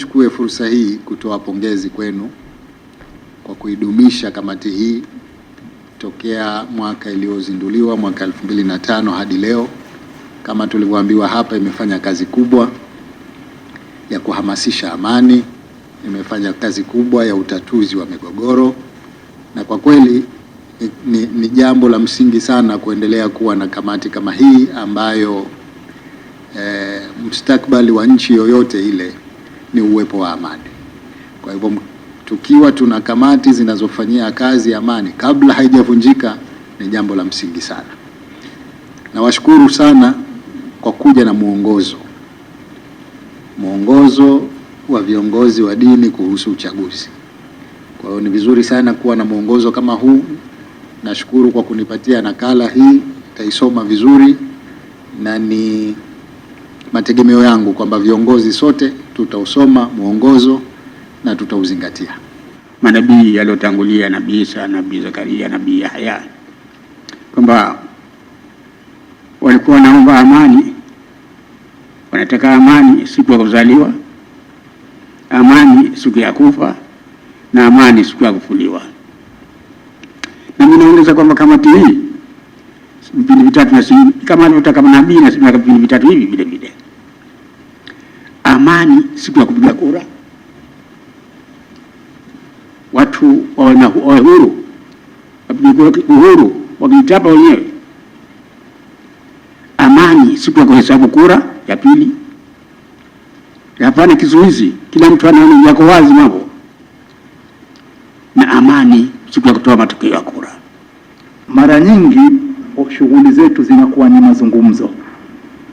nichukue fursa hii kutoa pongezi kwenu kwa kuidumisha kamati hii tokea mwaka iliyozinduliwa mwaka elfu mbili na tano hadi leo. Kama tulivyoambiwa hapa, imefanya kazi kubwa ya kuhamasisha amani, imefanya kazi kubwa ya utatuzi wa migogoro, na kwa kweli ni, ni jambo la msingi sana kuendelea kuwa na kamati kama hii ambayo eh, mustakabali wa nchi yoyote ile ni uwepo wa amani. Kwa hivyo tukiwa tuna kamati zinazofanyia kazi amani kabla haijavunjika ni jambo la msingi sana. Nawashukuru sana kwa kuja na mwongozo, mwongozo wa viongozi wa dini kuhusu uchaguzi. Kwa hiyo ni vizuri sana kuwa na mwongozo kama huu. Nashukuru kwa kunipatia nakala hii, nitaisoma vizuri, na ni mategemeo yangu kwamba viongozi sote tutausoma mwongozo na tutauzingatia. Manabii yaliyotangulia, nabii Isa, nabii Zakaria, nabii Yahya, kwamba walikuwa wanaomba amani, wanataka amani siku ya kuzaliwa, amani siku ya kufa na amani siku ya kufuliwa. Na mimi naongeza kwamba kamati hii vipindi vitatu, na kama alivyotaka nabii na vipindi vitatu hivi vile vile siku ya kupiga kura, watu wawe huru, wapige uhuru wakiitapa wenyewe. Amani siku ya kuhesabu kura ya pili, hapana kizuizi, kila mtu anaona yako wazi mambo, na amani siku ya kutoa matokeo ya kura. Mara nyingi shughuli zetu zinakuwa ni mazungumzo.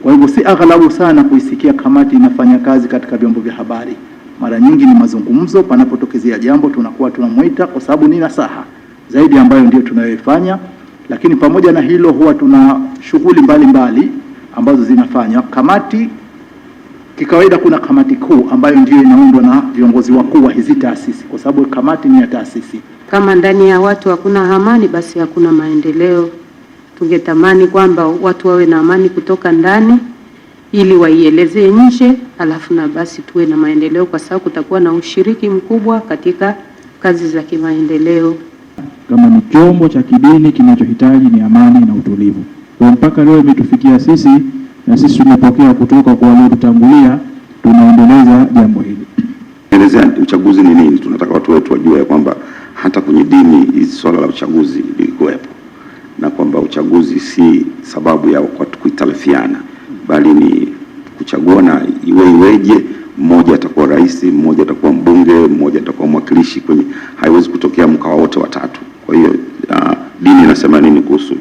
Kwa hivyo si aghalabu sana kuisikia kamati inafanya kazi katika vyombo vya habari. Mara nyingi ni mazungumzo, panapotokezea jambo tunakuwa tunamwita, kwa sababu ni nasaha zaidi ambayo ndio tunayoifanya. Lakini pamoja na hilo, huwa tuna shughuli mbalimbali ambazo zinafanywa kamati. Kikawaida kuna kamati kuu ambayo ndio inaundwa na viongozi wakuu wa hizi taasisi, kwa sababu kamati ni ya taasisi. Kama ndani ya watu hakuna amani, basi hakuna maendeleo tungetamani kwamba watu wawe na amani kutoka ndani ili waielezee nje, alafu na basi tuwe na maendeleo, kwa sababu kutakuwa na ushiriki mkubwa katika kazi za kimaendeleo. Kama ni chombo cha kidini kinachohitaji ni amani na utulivu, kwa mpaka leo imetufikia sisi na sisi tumepokea kutoka kwa waliotutangulia, tunaendeleza jambo hili. Elezea uchaguzi ni nini, tunataka watu wetu wajue ya kwamba hata kwenye dini swala la uchaguzi uchaguzi si sababu ya kuitarafiana, bali ni kuchagua, na iwe iweje, mmoja atakuwa rais, mmoja atakuwa mbunge, mmoja atakuwa mwakilishi kwenye, haiwezi kutokea mkawa wote watatu. Kwa hiyo uh, dini inasema nini kuhusu